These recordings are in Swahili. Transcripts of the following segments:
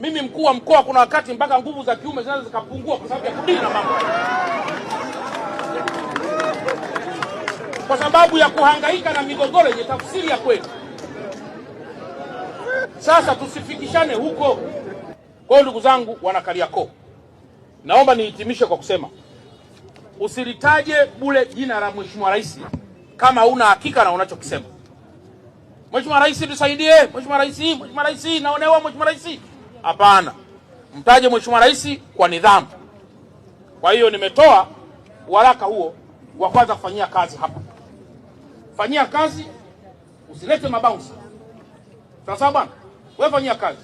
Mimi mkuu wa mkoa, kuna wakati mpaka nguvu za kiume zinaweza zikapungua kwa sababu ya kudili na mambo, kwa sababu ya kuhangaika na migogoro yenye tafsiri ya kweli. Sasa tusifikishane huko. Kwa hiyo ndugu zangu, wana Kariakoo, naomba nihitimishe kwa kusema usilitaje bure jina la mheshimiwa rais kama una hakika na unachokisema. Mheshimiwa Rais tusaidie, Mheshimiwa Rais, Mheshimiwa Rais, naonewa Mheshimiwa Rais. Hapana, mtaje mheshimiwa rais kwa nidhamu. Kwa hiyo nimetoa waraka huo wa kwanza kufanyia kazi hapa. Fanyia kazi, usilete mabaunsa. Sasa bwana, wewe fanyia kazi.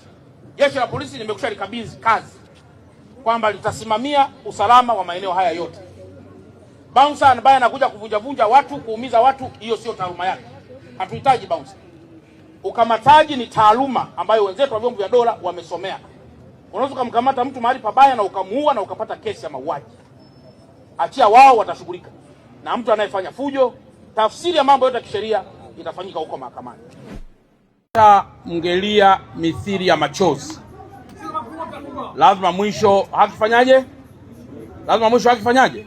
Jeshi la polisi limekusha likabidhi kazi kwamba litasimamia usalama wa maeneo haya yote. Bouncer ambaye anakuja kuvunjavunja watu, kuumiza watu, hiyo sio taaluma yake. Hatuhitaji bouncer. Ukamataji ni taaluma ambayo wenzetu wa vyombo vya dola wamesomea. Unaweza ukamkamata mtu mahali pabaya na ukamuua na ukapata kesi ya mauaji, achia wao watashughulika na mtu anayefanya fujo. Tafsiri ya mambo yote ya kisheria itafanyika huko mahakamani. Mngelia mithili ya machozi, lazima mwisho hakifanyaje? Lazima mwisho hakifanyaje?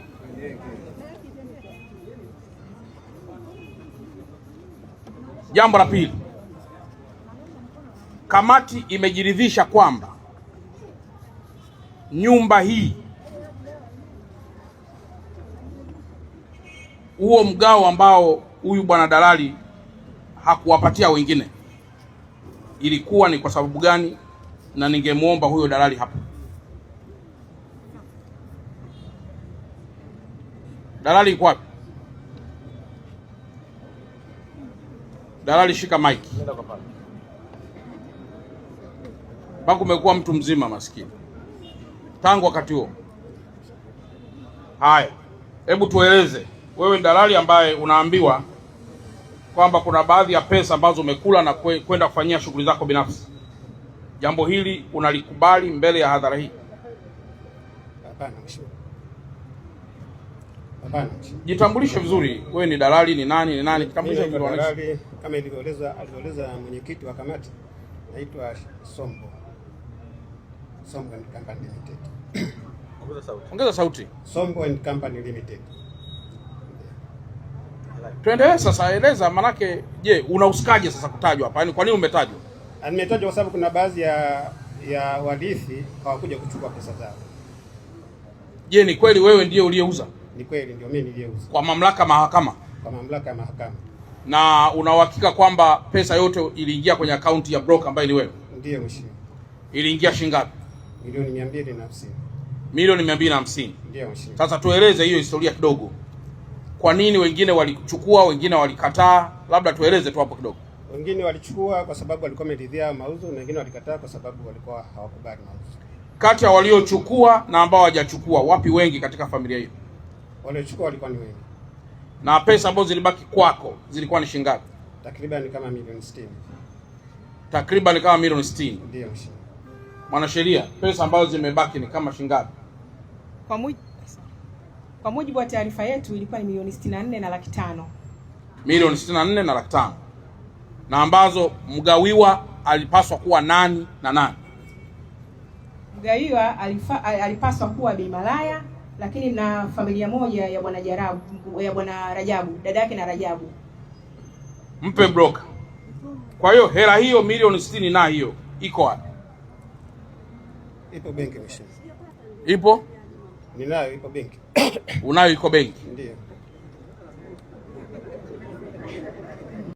Jambo la pili Kamati imejiridhisha kwamba nyumba hii, huo mgao ambao huyu bwana dalali hakuwapatia wengine, ilikuwa ni kwa sababu gani? Na ningemwomba huyo dalali hapo. Dalali yuko wapi? Dalali, shika mike mpaka umekuwa mtu mzima maskini tangu wakati huo. Haya, hebu tueleze wewe, dalali ambaye unaambiwa kwamba kuna baadhi ya pesa ambazo umekula na kwenda kwe kufanyia shughuli zako binafsi, jambo hili unalikubali mbele ya hadhara hii? Jitambulishe vizuri, wewe ni dalali ni nani? Ni nani? Jitambulishe vizuri. kama ilivyoeleza alivyoeleza mwenyekiti wa kamati, naitwa Sombo. Songo and Company Limited. Ongeza sauti. Ongeza sauti. Songo and Company Limited. Tuendelee sasa, eleza manake. Je, unahusikaje sasa kutajwa hapa? Yaani kwa nini umetajwa? Ah, nimetajwa kwa sababu kuna baadhi ya ya warithi hawakuja kuchukua pesa zao. Je, ni kweli wewe ndiye uliyeuza? Ni kweli ndio mimi niliyeuza. Kwa mamlaka mahakama? Kwa mamlaka ya mahakama. Na unauhakika kwamba pesa yote iliingia kwenye akaunti ya broker ambaye ni wewe? Ndiyo mheshimiwa. Iliingia shilingi ngapi? milioni mia mbili na hamsini milioni mia mbili na hamsini Sasa tueleze hiyo historia kidogo, kwa nini wengine walichukua, wengine walikataa? Labda tueleze tu hapo kidogo. Wengine walichukua kwa sababu walikuwa wameridhia mauzo na wengine walikataa kwa sababu walikuwa hawakubali mauzo. Kati ya waliochukua na ambao hawajachukua, wapi wengi katika familia hiyo? Waliochukua walikuwa ni wengi. Na pesa ambazo zilibaki kwako zilikuwa ni shilingi ngapi? Takriban kama milioni 60. Takriban kama milioni 60. Ndio mheshimiwa. Mwanasheria, pesa ambazo zimebaki ni kama shingapi? Kwa, mujibu, kwa mujibu wa taarifa yetu ilikuwa ni milioni 64 na laki tano, milioni 64 na laki tano, na ambazo mgawiwa alipaswa kuwa nani na nani? Mgawiwa alifa... alipaswa kuwa Bi Malaya, lakini na familia moja ya bwana Jarabu, ya bwana Rajabu, dada yake na Rajabu, mpe broker. Kwa hiyo hela hiyo milioni 60 na hiyo iko wapi? Ipo benki mheshimiwa. Ipo? Ninayo, ipo benki. Unayo iko benki? Ndio.